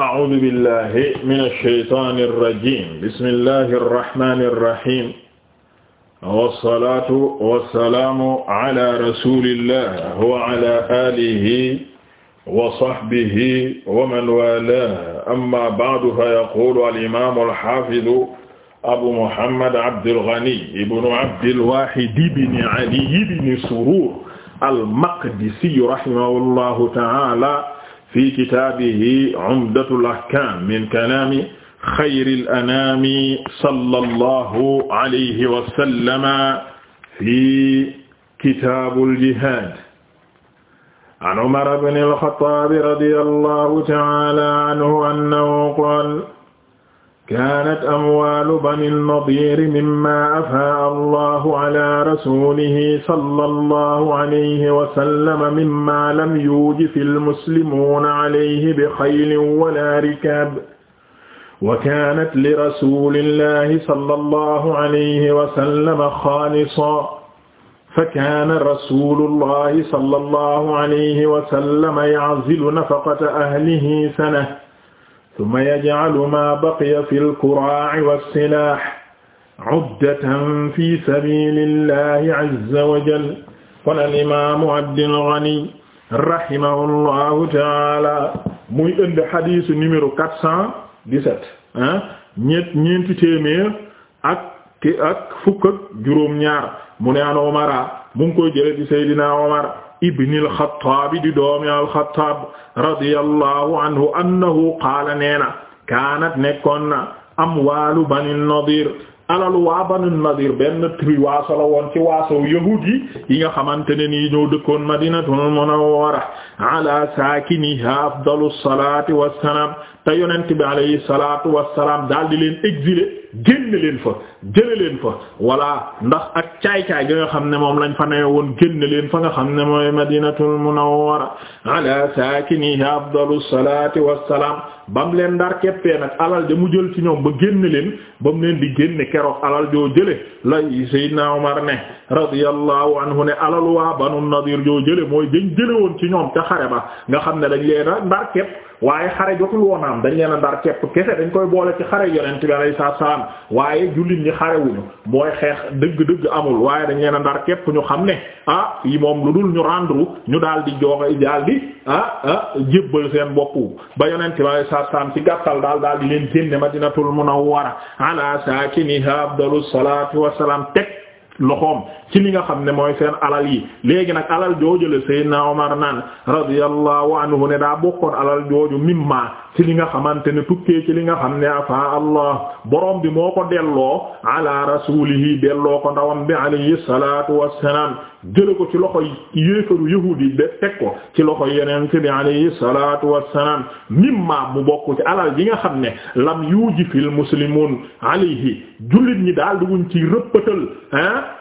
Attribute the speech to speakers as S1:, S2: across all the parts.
S1: a'uudu billahi mina shaytaani rajiim bismillahi rahmaani rahiim wassalaatu wassalaamu ala rasuulillah wa ala aalihi wa sahbihi wa man waalaahu amma ba'du fa yaquulu al-imaamu al-haafidu abu muhammad abdul ghani ibnu abdil waahid ibni ali ibni suruur al-maqdisi rahimahullahu ta'aala fi kitaabihi Umdatul Ahkaam min kalaami xayril anaami sallallahu alayhi wa sallama fi kitaabul jihaad. An Umar ibn al-Khattaab radiyallahu ta'aala anhu annahu qaala kaanat amwaalu bani nadiir mimmaa afaa allahu ala rasuulihi sallallahu alayhi wa sallam mimmaa lam yuujifi almuslimuuna alayhi bi xaylin wala rikaab wa kaanat li rasuulillahi sallallahu alayhi wa sallam xaalisan fa kaana rasuulullahi sallallahu alayhi wa sallam ya'zilu nafaqata ahlihi sanatan summa yaj'alu ma baqiya fil kuraa'i was-silaah 'ubdatan fi sabiilillaahi 'azza wa jalla kon al-imaamu Abdul Ghani rahimahullahu ta'aala muy indi xadiisu numéro quatre cent dix-sept ah ñett ñeenti téeméer ak ak fukk ak juróom-ñaar mu ne an Umar mu ngi koy jëlee di Seydina Umar ibn al-Xattaab di doomi al-Xattaab radiyallahu anhu annahu qaala neena kaanat nekkoon na amwaalu bani Nadiir alalu waa banu Nadir benn tri waaso la woon ci waasow yahuud yi yi nga xamante ne nii ñoo dëkkoon Madinatul Munawwara ala saakiniha afdalu salaati wassalaam te yonent bi alayhi salaatu wassalaam daal di leen exiler génn leen fa jële leen fa walla ndax ak caay-caay gi nga xam ne moom lañ fa ne woon génn leen fa nga xam ne mooy madinatul munawwara ala saakiniha afdalu salaati wassalaam bam leen ndar keppee nag alal ja mu jël ci ñoom ba génn leen ba mu leen di génn keroog alal joo jële lay Seydina Omar ne radiyallahu anhu ne alal waa Banu Nadir joo jële mooy dañ jële woon ci ñoom ca xare ba nga xam ne dañ leen ndar kepp waaye xare jotul woon am dañ leen a dar képp kese dañ koy boole ci xare yonent bi alayhi salaam waaye jullit ñi xare wuñu mooy xeex dëgg-dëgg amul waaye dañ leen a dar képp ñu xam ne ah yi moom lu dul ñu rendre ñu daal di joxe daal di ah ah jébbal seen bopp ba yonent bi alayhi salaam ci gàttal daal daal di leen génne Madinatul Munawwara ala saakiniha afdalus salaatu wassalaam teg loxoom ci li nga xam ne mooy seen alal yi léegi nag alal jooju la Seydina Omar naan radiyallahu anhu ne daa bokkoon alal jooju mimma ci li nga xamante ne tukkee ci li nga xam ne afa allah borom bi moo ko delloo ala rasulihi delloo ko ndawam bi alayhi salatu wassalam jële ko ci loxo yéefaru yahuudi yi ba teg ko ci yeneen yonent bi alayhi salatu wassalam mimma mu bokk ci alal yi nga xam ne lam yuji fil muslimun alayhi jullit ñi daal di wuñ ci rëppatal ah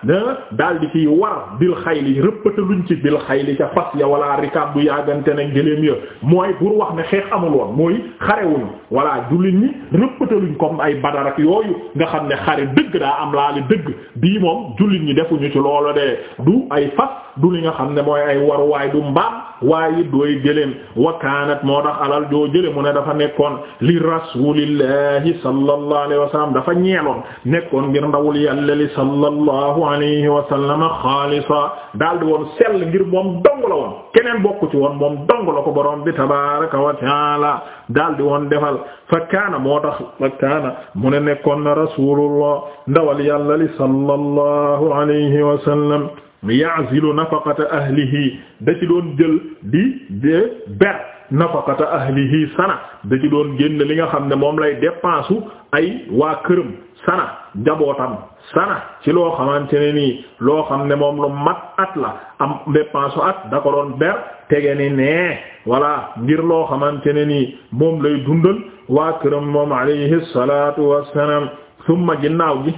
S1: di ciy war bil xayli rëppataluñ ci bil xayli ca fas ya wala rikaab bu yàggante ne gëléem ya mooy pour wax ne xeex amul yi xarewuñ walla jullit ñi rëppataluñ comme ay badar ak yooyu nga xam ne xare dëgg daa am laa dëgg bii moom jullit ñi defuñu ci loolu de du ay fas du li nga xam ne mooy ay waruwaay du mbaam waaye dooy gëléem wa kaanat moo tax alal joo jële mu ne dafa nekkoon li rasulillahi sallallahu alayhi dafa ñeeloon nekkoon ngir ndawul yàlla li sallallahu alayhi wa sallam xaalisa daal di woon sell ngir moom dong la woon keneen bokku ci woon moom dong ko borom bi tabaraka wa taala daal di woon defal fa kaana moo tax fa kaana mu ne nekkoon na rasulullah ndawal yàlla li sallallahu alayhi wa sallam ya'zilu nafaqata ahlihi da ci doon jël di de ber nafaqata ahlihi sana da ci doon génn li nga xam ne moom lay dépense ay waa këram sana jabootam sana ci loo xamante ne nii loo xam ne moom lu mat at la am dépense at da ko doon ber tege ni nee voilà ngir loo xamante ne nii moom lay dundal waa këram moom alayhi salatu wassalam summa ginnaaw gi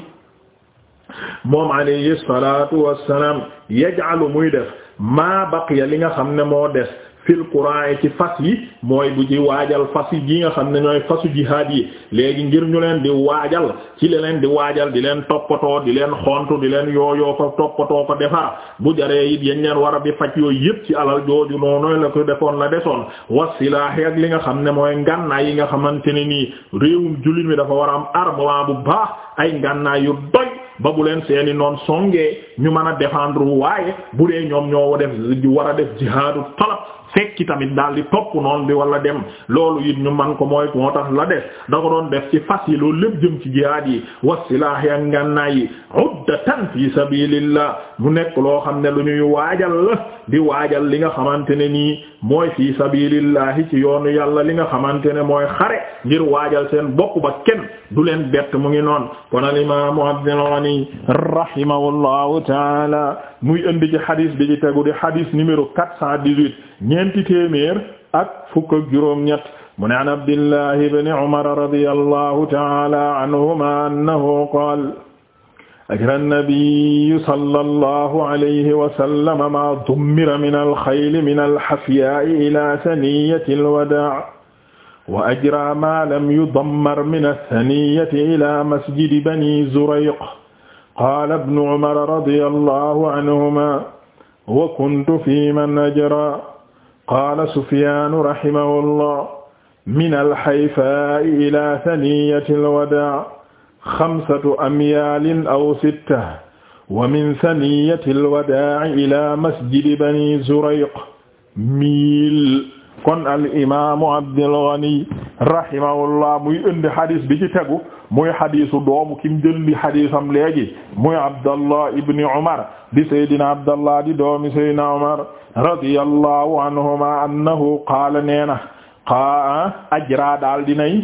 S1: moom alayhi salaatu wassalaam yaj'alu muy def maa baqiya li nga xam ne moo des fil quraan ci fas yi mooy bu ci waajal fas yi gi nga xam ne ñooy fasu jihaad yi léegi ngir ñu leen di waajal ci li leen di waajal di leen toppatoo di leen xontu di leen yooyoo ko toppatoo ko defar bu jaree it yañ leen war a faj yooyu yëpp ci alal jooju noonu la ko defoon la desoon wasilaax ak li nga xam ne mooy ngànnaay yi nga xamante ne nii réewum jullit mi dafa war a am armement bu baax ay ngànnaay ba bu leen seeni noon songee ñu mën a défendre waaye bu dee ñoom ñoo def war a def jihaadu talab fekk ci tamit daal di topp noon bi wala dem loolu it ñu man ko mooy moo tax la def da doon def ci fas yi lool lépp jëm ci jihaad yi wasilaahi ak ngànnaay yi uddatan fi sabilillah nekk loo xam ne lu ñuy waajal la di waajal li nga xamante ne nii mooy fi sabilillahi ci yoonu yàlla li nga xamante ne mooy xare ngir waajal seen bokku ba kenn du leen bett mu ngi noon kon al imaamu Abdul Ghani rahimahullahu taala muy indi ci xadis bi ci tegu di xadis numéro 418 ñeenti téeméer ak fukk ak juróom-ñett mu ne an abdillahi bni umar radiyallahu ta'ala anhuma annahu qaala ajra nnabiyu sallallahu alayhi wa sallama maa dummira min alxayli min alxafyaa'i ilaa saniyati alwadaa' wa ajra maa lam yudammar min alsaniyati ilaa masjidi bani zurayq qaala ibnu umar radiyallahu anhuma wa kuntu fiiman ajraa qaala Sufyaanu rahimahullah min al-Hayfaa'i ilaa thaniyyati al-wadaa' xamsatu amyaalin aw sitta wa min thaniyyati al-wadaa'i ilaa masjidi banii Zurayq miil kon al-imaamu Abdul Ghani rahimahullah muy indi hadis bi ci tegu muy hadisu doomu kim jëndi hadisam léegi muy Abdallah ibn Umar di saydina Abdallah di doomi saydina Umar radiyallahu anhuma annahu qaala neena qaa ajra daal dinay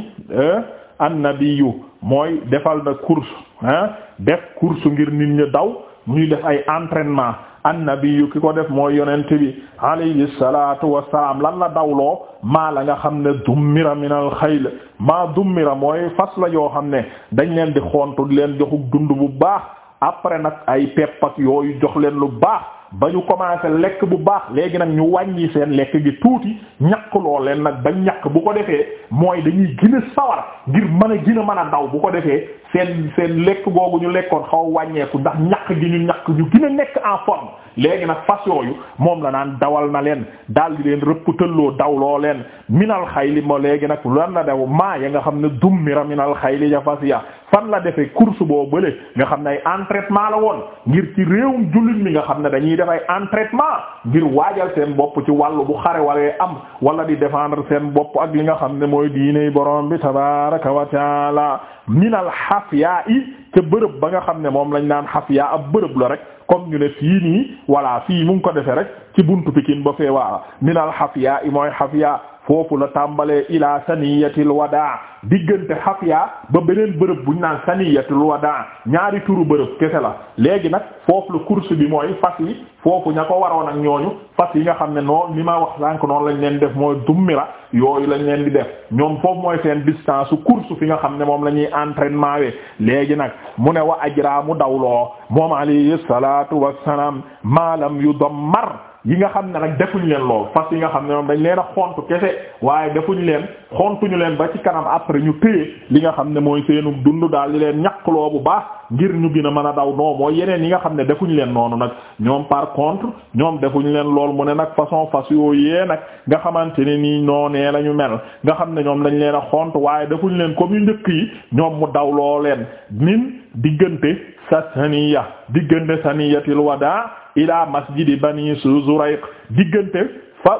S1: eh, annabiyu mooy defal na course ah def course ngir nit daw muy def ay entraînement annabiyu ki ko def mooy yonent bi alayhi salatu wasalaam lan la dawloo maa la nga xam ne dummira min al xayl maa dummira mooy fas la yoo xam ne dañ leen di xontu leen joxu dund bu baax après nag ay pepp ak yooyu jox leen lu baax ba ñu commencé lekk bu baax léegi nag ñu wàññi seen lekk gi tuuti ñàkk loo leen nag ba ñàkk bu ko defee mooy dañuy gina a sawar ngir mën a gën a mën a daw bu ko defee seen seen lekk googu ñu lekkoon xaw wàññeeku ndax ñàkk gi ñu ñàkk ñu gina nekk en forme léegi nag fas yooyu moom la naan dawal na leen daal di leen rëpp tëlloo dawloo leen minal xayli moo léegi nag lan la daw maa ya nga xam ne dummira minal xayli ya fas ya fan la defee course boo bële nga xam ne ay entraînement la woon ngir ci réewum jullit mi nga xam ne dañuy def ay entraînement ngir waajal seen bopp ci wàllu bu xare wale am wala di défendre seen bopp ak li nga xam ne mooy diiney borom bi tabaraka wa taala minal xafiyaa i te bërëb ba nga xam ne moom lañ naan xafiyaa ab bërëb la rek comme ñu ne fii nii voilà fii mu ngi ko defee rek ci buntu Pikine ba fee waa minal xafiyaa i mooy xafiyaa foofu la tàmbalee ilaa saniyatil wadaa diggante xafiyaa ba beneen bërëb bu ñu naan saniyatil wadaa ñaari turu bërëb kese la léegi nag foofu la course bi mooy fas yi foofu ña ko waroon ak ñooñu fas yi nga xam ne noonu li ma wax sànq noonu lañ leen def mooy dummira yooyu lañ leen di def ñoom foofu mooy seen distance su course fi nga xam ne moom la ñuy entraînement we léegi nag mu ne wa ajraa mu dawloo moom alayhi salaatu wassalaam maalam yu dammar yi nga xam ne nag defuñ leen lool fas yi nga xam ne moom dañ leen a xontu kese waaye defuñ leen xontuñu leen ba ci kanam après ñu téye li nga xam ne mooy seenu dund daal di leen ñàkkloo bu baax ngir ñu gën a mën a daw non mooy yeneen yi nga xam ne defuñ leen noonu nag ñoom par contre ñoom defuñu leen lool mu ne nag façon fas yooyee nag nga xamante ne nii noonee la ñu mel nga xam ne ñoom lañ leen a xont waaye defuñ leen comme yu njëkk yi ñoom mu daw loo leen min diggante sa saniya diggante saniyatil wadaa ila masjidi bani Zurayq diggante fa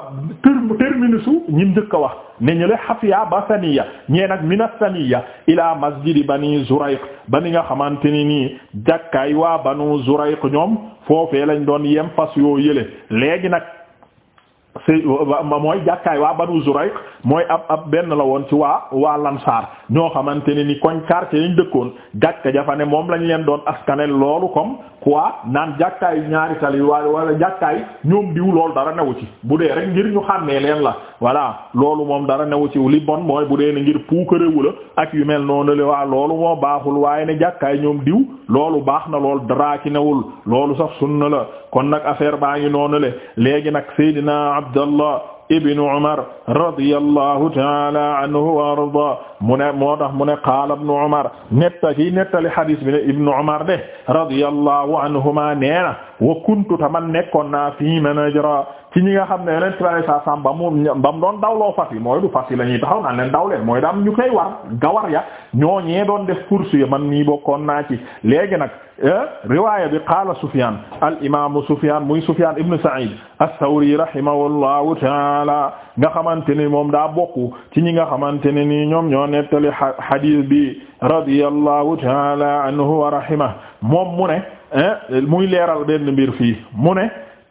S1: terminusu ñim njëkk a wax ne ñu le xafiya ba saniya ñee nag mina saniya ila masjidi bani Zurayq ba ni nga xamante ni nii jàkkaay waa banu Zurayq ñoom foofee lañ doon yem fas yoo yële léegi nag sëy mooy jàkkaay waa Banu Zurayq mooy ab ab benn la woon ci waa waa Lansaar ñoo xamante ne ni koñ quartier yi ñu dëkkoon jàkka jafane moom lañ leen doon askanel loolu comme quoi naan jàkkaay ñaari tali waa wala jàkkaay ñoom diw loolu dara newu ci bu dee rek ngir ñu xàmmee leen la voilà loolu moom dara newu ci li bon mooy bu dee ne ngir puukarewu la ak yu mel noonu la waa loolu moo baaxul waaye ne jàkkaay ñoom diw loolu baax na lool dara ci newul loolu kon nag affaire baa ngi noonu le léegi nag Seydina Abdallah ibnu Umar radiyallahu taala anhu wa arda mu ne moo tax mu ne qaala ibnu Umar netta ci nettali hadis bi ne ibnu Umar de radiyallahu anhuma neena wa kuntu taman nekkoon naa fi manajra ci ñi nga xam ne yeneen traçais saa saa ba mu ba mu doon dawloo fas yi mooy du la ñuy taxaw naan leen daw leen mooy daam ñu koy war gawar ya ñoo ñee doon def course yi man mii bokkoon naa ci léegi nag. Eh, riwaaya bi qaala Sufyaan al imaamu Sufyaan muy Sufyaan ibn Sa'iid as-Sawri rahimahullahu taala nga xamante ni moom daa bokk ci ñi nga xamante ne nii ñoom ñoo nettali xadiis bi radiyallahu taala anhu wa rahimahu moom mu ne eh, muy leeral benn mbir fii mu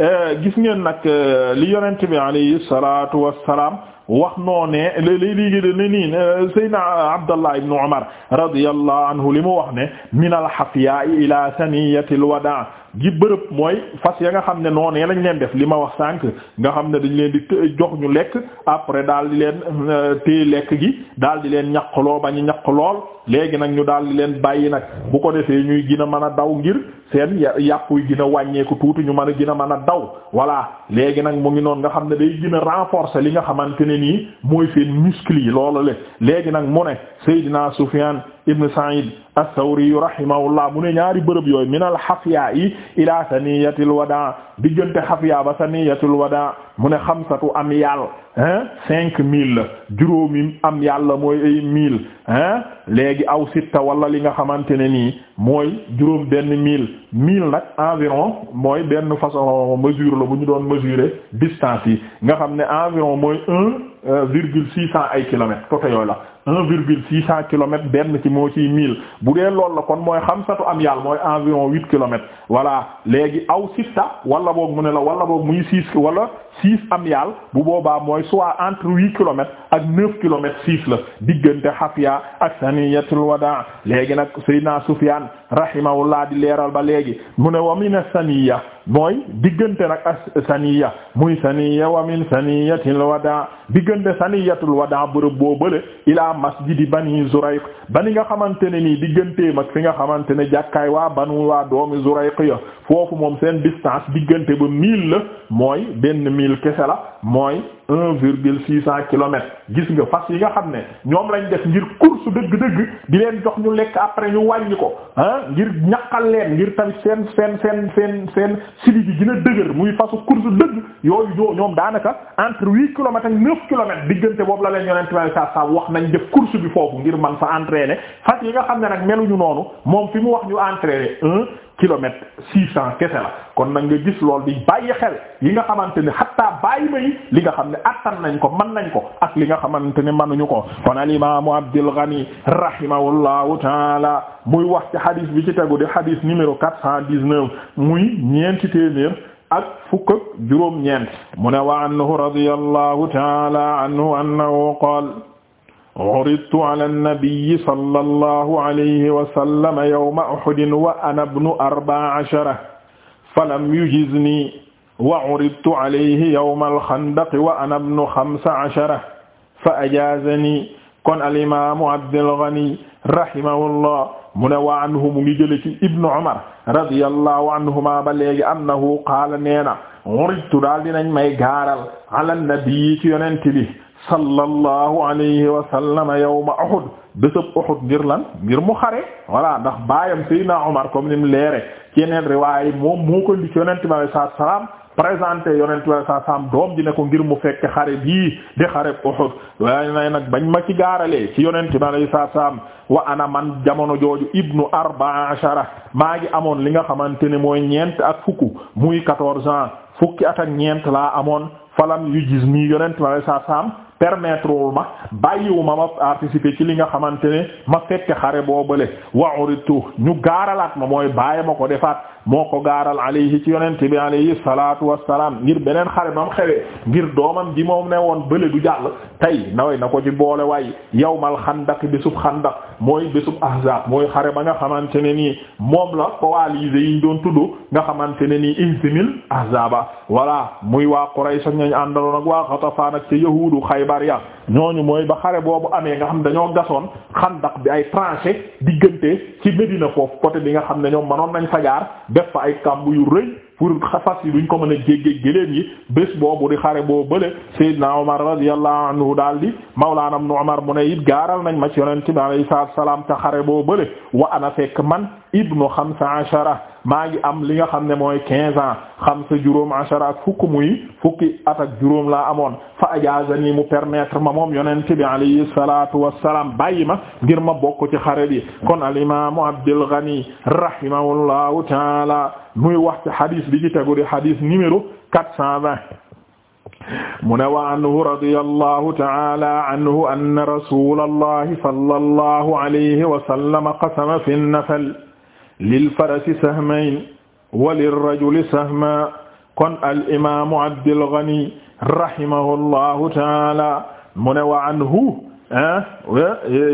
S1: Eh, gis ngeen nag eh, li yonent bi alayhi salaatu wassalaam wax noo ne léeg-léeg léegi ne nii Seydina Abdallah ibn Umar radiyallahu anhu li mu wax ne min al-hafiya ila saniyati al-wada ji bërëb mooy fas ya nga xam ne noo ne lañ leen def li ma wax sànq nga xam ne dañu leen di jox ñu lekk après daal di leen euh, téye lekk gi daal di leen ñaqloo bañu ñaq lool léegi nag ñu daal di leen bàyyi nag bu ko defee ñuy gën a mën a daw ngir seen yàpp yi gën a wàññeeku tuuti ñu mën a gën a a daw voilà léegi nag mu ngi noonu nii mooy seen muscle yi loolu le léegi nag mu ne Seydina Sufyaan ibn Sa'id ath-Thawri rahimahullah mu ne ñaari bërëb yooyu min al-hafiya yi ila saniyatil wada diggante hafiya ba wa wada mu ne xamsatu am yàll hein cinq mille juróomi am yàlla mooy ay mille hein léegi aw sitta wala li nga xamante ne nii mooy juróom benn mille mille nag environ mooy benn façon mesure la bu ñu doon mesurer distance yi nga xam ne environ mooy un euh, virgule six cent ay kilomètres côté yooyu la un virgule six cent kilomètres benn ci moo ciy mille bu dee loolu la kon mooy xamsatu am yàlla mooy environ huit kilomètres voilà léegi aw sitta wala boog mu ne la wala boog muy six wala six am yàlla bu boobaa mooy soit entre huit kilomètres ak neuf kilomètres six la diggante Hafya ak saniyatul wadaa léegi nag Seydina Sufyaan rahimahullah di leeral ba léegi mu ne wa min saniya mooy diggante nag ak saniya muy saniya wa min saniyatil wadaa diggante saniyatul wadaa bërëb di ban bani Zurayq ba ni nga xamante ne nii digganteem ak fi nga xamante ne jàkkaay waa banu waa doomi Zurayq ya foofu moom seen distance diggante ba miil la mooy benn mille kese la mooy un virgule six cent kilomètres gis nga fas yi nga xam ne ñoom lañ def ngir course dëgg-dëgg di leen jox ñu lekk après ñu wàññi ko ngir ñaqal leen ngir tamit seen seen seen seen seen sili bi dina a dëgër muy fasu course dëgg yooyu yoo ñoom daanaka entre huit kilomètres ak neuf diggante boobu la leen yonent way sa sa wax nañ def course bi foofu ngir man fa entraîner fas yi nga xam ne nag meluñu noonu moom fi mu wax ñu entraîner un kilomètre six cent kese la kon nag nga gis lool di bàyyi xel yi nga xamante ni xatta bàyyi may li nga xam ne attan nañ ko man nañ ko ak li nga xamante ne mënuñu ko kon al imaamu Abdul Ghani rahimahullahu taala muy wax ci hadith bi ci tegu di hadith numéro quatre cent dix-neuf muy ñeenti téeméer ak fu ak juróom ñeent mu ne wa anhu radiyallahu taala anhu annahu qaala uridtu ala nabiyyi sallallahu alayhi wa sallam yawma uhudin wa ana ibnu arba'a ashara falam yujizni wa uridtu alayhi yawma al-khandaq wa ana ibnu khamsa ashara fa ajaazani kon al-imaamu Abdul Ghani rahimahullah mu ne wa anhu mu ngi jële ci ibnu Umar radiyallahu anhuma ba léegi annahu qaala nee na uridtu daal dinañ may gaaral ala nabiyyi ci yonent bi sallallahu alayhi wa sallam yawma Uhud bésëb Uhud ngir lan ngir mu xare voilà ndax baayam Seydina Omar comme ni mu leere ci yeneen riwaay moom moo ko indi ci yonent alayhi salaatu salaam présenté yonent bi alayhi salaatu doom ji ne ko ngir mu fekk xare bii di xare Uhud waaye nag bañ ma ci gaaralee ci yonent bi alayhi salaatu salaam wa ana man jamono jooju ibnu arba'a ashara maa ngi amoon li nga xamante ne mooy ñeent ak fukk muy quatorze ans fukki at ñeent la amoon falam yu gis permettre wul ma bàyyiwu ma ma participer ci li nga xamante ne ma fekke xare boo boobale wa uritu ñu gaaralaat ma mooy bàyyi ma ko defaat moo ko gaaral alayhi ci yonente bi alayhi salatu wassalam ngir beneen xare bam xewee ngir doomam ji moom ne woon bële du jàll tey nawey na ko ci boole waay yawmal xandak bésub xandak mooy bésub ahzab mooy xare ba nga xamante ne nii moom la coalisés yiñ doon tudd nga xamante ne nii ihzimil ahzaba wala muy waa Bariya ñooñu mooy ba xare boobu amee nga xam dañoo gasoon xandak bi ay tranchées diggante ci Médina foofu côté bi nga xam ne ñoom manoon nañ fa jaar def ay kàmb yu rëy pour fas yi duñ ko mën a jéggee géléem yi bés boobu di xare boobu bële Seydina Omar radiyallahu anhu daal di Mawlaana Ibn Umar mu ne it gaaral nañ ma ci yonent bi alayhi salaam ca xare boobu bële wa ana fekk man ibnu xamsa ashara maa ngi am li nga xam ne mooy quinze ans xam sa juróom fukk muy fukki at ak juróom laa amoon fa ajaazani mu permettre ma moom yonent bi alayhi salatu wassalam bàyyi ma ngir ma bokk ci xare bi kon al imaamu Abdul Ghani rahimahullahu taala muy wax ci hadith bi ci tegu di hadith numéro quatre cent vingt mu ne wa anhu radiyallahu ta'ala anhu anna rasulallahi sallallahu alayhi wa sallam qasama fi an-nafl lil farasi sahmayn wa lir rajuli sahma kon al imaamu Abdul Ghani rahimahullahu taala mu ne wa anhu ah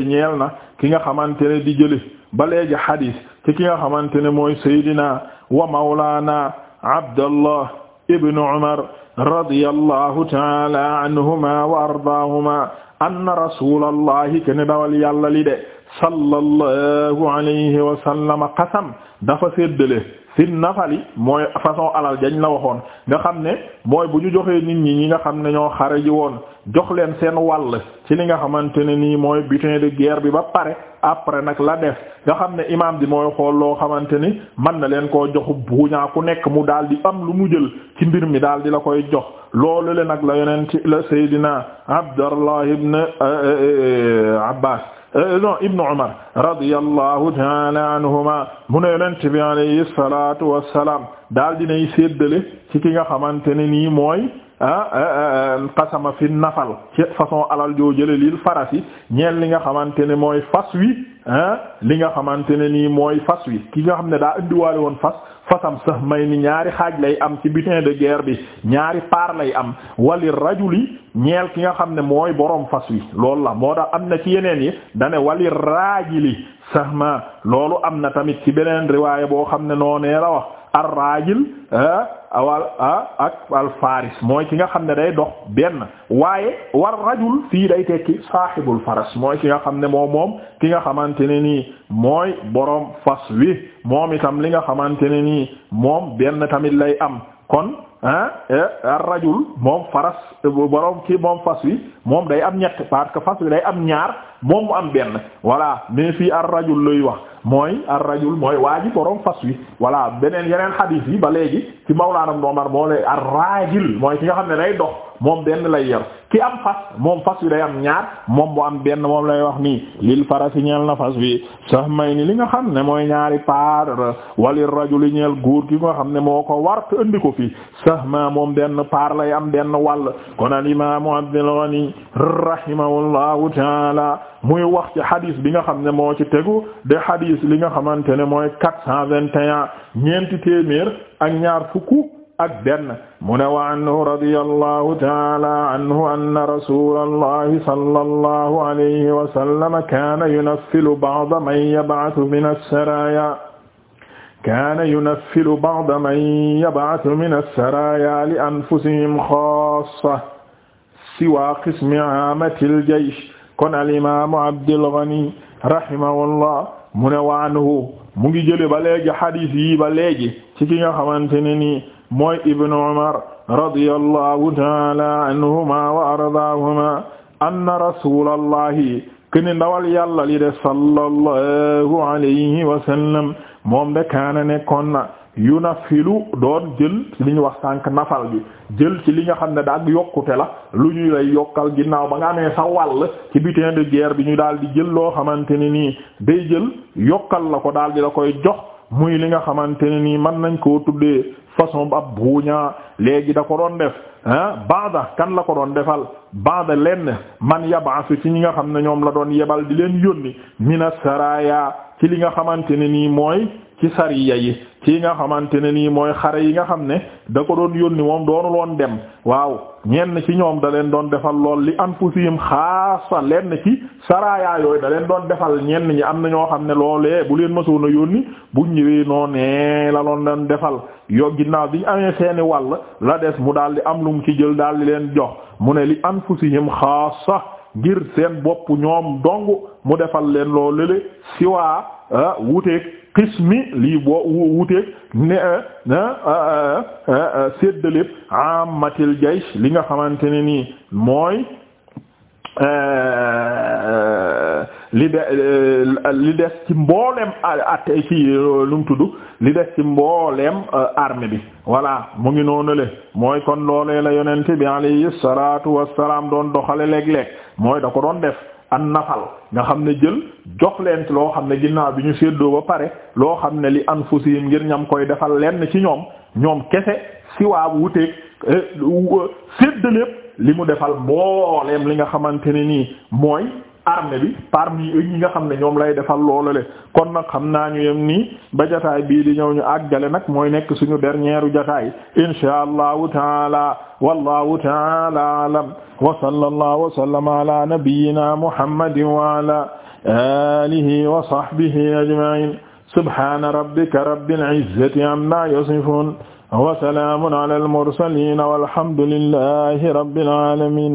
S1: ñeel na ki nga xamante ne di jële ba léegi xadis ci ki nga xamante ne mooy saydina wa mawlaana Abdallah ibn Umar radiyallahu taala anhuma wa ardaahuma anna rasulallahi ken dawal yàlla li de sallallahu alayhi wa sallam qasam dafa séddale si nafali mooy façon alal jañ la waxoon nga xam ne mooy bu ñu joxee nit ñi ñi nga xam ne ñoo xare ji woon jox leen seen wàll ci li nga xamante ne nii mooy butin de guerre bi ba pare après nag la def nga xam ne imaam bi mooy xool loo xamante ni mën na leen koo bu ñaa ku nekk mu daal di am lu mu jël ci mbir mi daal di la koy jox loolu le nag la ci la Seydina Abdallah ibn euh, euh, euh, Abbas Euh, euh, non ibnu Umar radiyallahu ta'ala anhuma mu ne yonent bi alayhi salatu wassalam daal dinay séddale ci ki nga xamante ne nii mooy Ah, ah, ah, qasama fi nafal ci façon alal joo jële lil farasi ñeel li nga xamante ne mooy fas wi li nga xamante ne nii mooy fas wi ki nga xam ne daa indiwaale woon fas fasam sax may ni ñaari xaaj lay am ci butin de guerre bi ñaari paar lay am wali rajuli ñeel ki nga xam ne mooy boroom fas wi loolu la moo tax am na ci yeneen yi dane wali raajili sax ma loolu am na tamit ci beneen riwaaya boo xam ne noonee la wax ar-raajil ah, ah, ak al-faris mooy ki nga xam ne day dox benn waaye war rajul fii day tekki saaxibul faras mooy ki nga xam ne moom moom ki nga xamante ne nii mooy boroom fas wi moom itam li nga xamante ne nii moom benn tamit lay am kon ah eh, rajul moom faras boroom ki moom fas wi moom day am ñett parce que fas wi day am ñaar moom mu am benn voilà mais fii ar-rajul lay wax. mooy ar-rajul mooy waa ji borom fas wi voilà beneen yeneen xadiis yi ba léegi ci mawlaanam Umar moo lay ar-rajul mooy ki nga xam ne nay dox moom benn lay yor ki am fas moom fas wi day am ñaar moom mu am benn moom lay wax nii lil farasi ñeel na fas wi sax may ni li nga xam ne mooy ñaari paar walir rajuli ñel guur gi nga xam ne moo ko war te ko fii sax ma moom benn paar lay am benn wàll kon al imaamu Abdul Ghani rahimahullahu taala muy wax ci hadis bi nga xam ne moo ci tegu de hadis li nga xamante ne mooy quatre cent vingt et un ñeenti téeméer ak ñaar fukku ak benn mu ne wa anhu radiyallahu taala anhu anna rasulallahi sallallahu alayhi wa sallam kaana yunaffilu ba'da man yab'athu min as-saraya kaana yunaffilu ba'da man yab'athu min as-saraya li anfusihim xaassa siwa qismi aamatil jaysh kon al imaamu Abdul Ghani rahimahullah mu ne waanhu mu ngi jële ba léegi hadith yi ba léegi ci ki nga xamante ne nii mooy ibnu Umar radiyallahu taala anhuma wa ardaahuma anna rasulallahi kene ndawal yàlla li de sallallahu alayhi wa sallam moom de kaana nekkoon na yunafilu doon jël li ñu wax tànk nafal gi jël ci li nga xam ne daag yokkute la lu ñu lay yokkal ginnaaw ba nga amee sa wàll ci butin de guerre bi ñu daal di jël loo xamante ne nii day jël yokkal la ko daal di la koy jox muy li nga xamante ne nii mën nañ koo tuddee façon ab buuñaa léegi da ko doon def ah baada kan la ko doon defal baada lenn man yabaasu ci ñi nga xam ne ñoom la doon yebal di leen yónni mina saraya ci li nga xamante ne nii mooy ci sariya yi ci nga xamante ne nii mooy xare yi nga xam ne da ko doon yónni moom doonul loon dem waaw ñenn ci ñoom da leen doon defal lool li anfusihim xaasa lenn ci saraya yooyu da leen doon defal ñenn ñi am na ñoo xam ne loolee bu leen mësoon a yónni bu ñëwee noonee la loon doon defal yo ginnaaw bi ñu amee seeni wàll la des mu daal di am lu mu ci jël daal di leen jox. mu ne li anfusihim xaasa ngir seen boppu ñoom dong mu defal leen loo lële siwaa ah, wuteeg qismi lii boo wuteeg ne ah, ah, séddalép amatil jaysh li nga xamante ne nii mooy eh, li de euh, li des ci mbooleem at ci euh, lu mu tudd li des ci mbooleem euh, armée bi voilà mu ngi noonale mooy kon loolee la yonent bi alayhi salaatu wassalaam doon doxale léeg-léeg mooy da ko doon def an nafal nga xam ne jël jox leen loo xam ne ginnaaw bi ñu séddoo ba pare loo xam ne li anfusihim ngir ñam koy defal lenn ci ñoom ñoom kese si waabu wuteeg lépp li mu defal mbooleem li nga xamante ne nii mooy armée bi parmi i nga xam ne ñoom lay defal loolale kon nag xam naa ñu yem nii ba jotaay bii di ñëw ñu àggale nag mooy nekk suñu dernière jotaay insha allahu taala wallahu taala alam wa sallallahu wa sallama ala nabiyyina muhammadin wa ala alihi wa sahbihi ajma'in subhana rabbika rabbil izzati amma yasifun wa salamun ala al mursalin walhamdulillahi rabbil alamin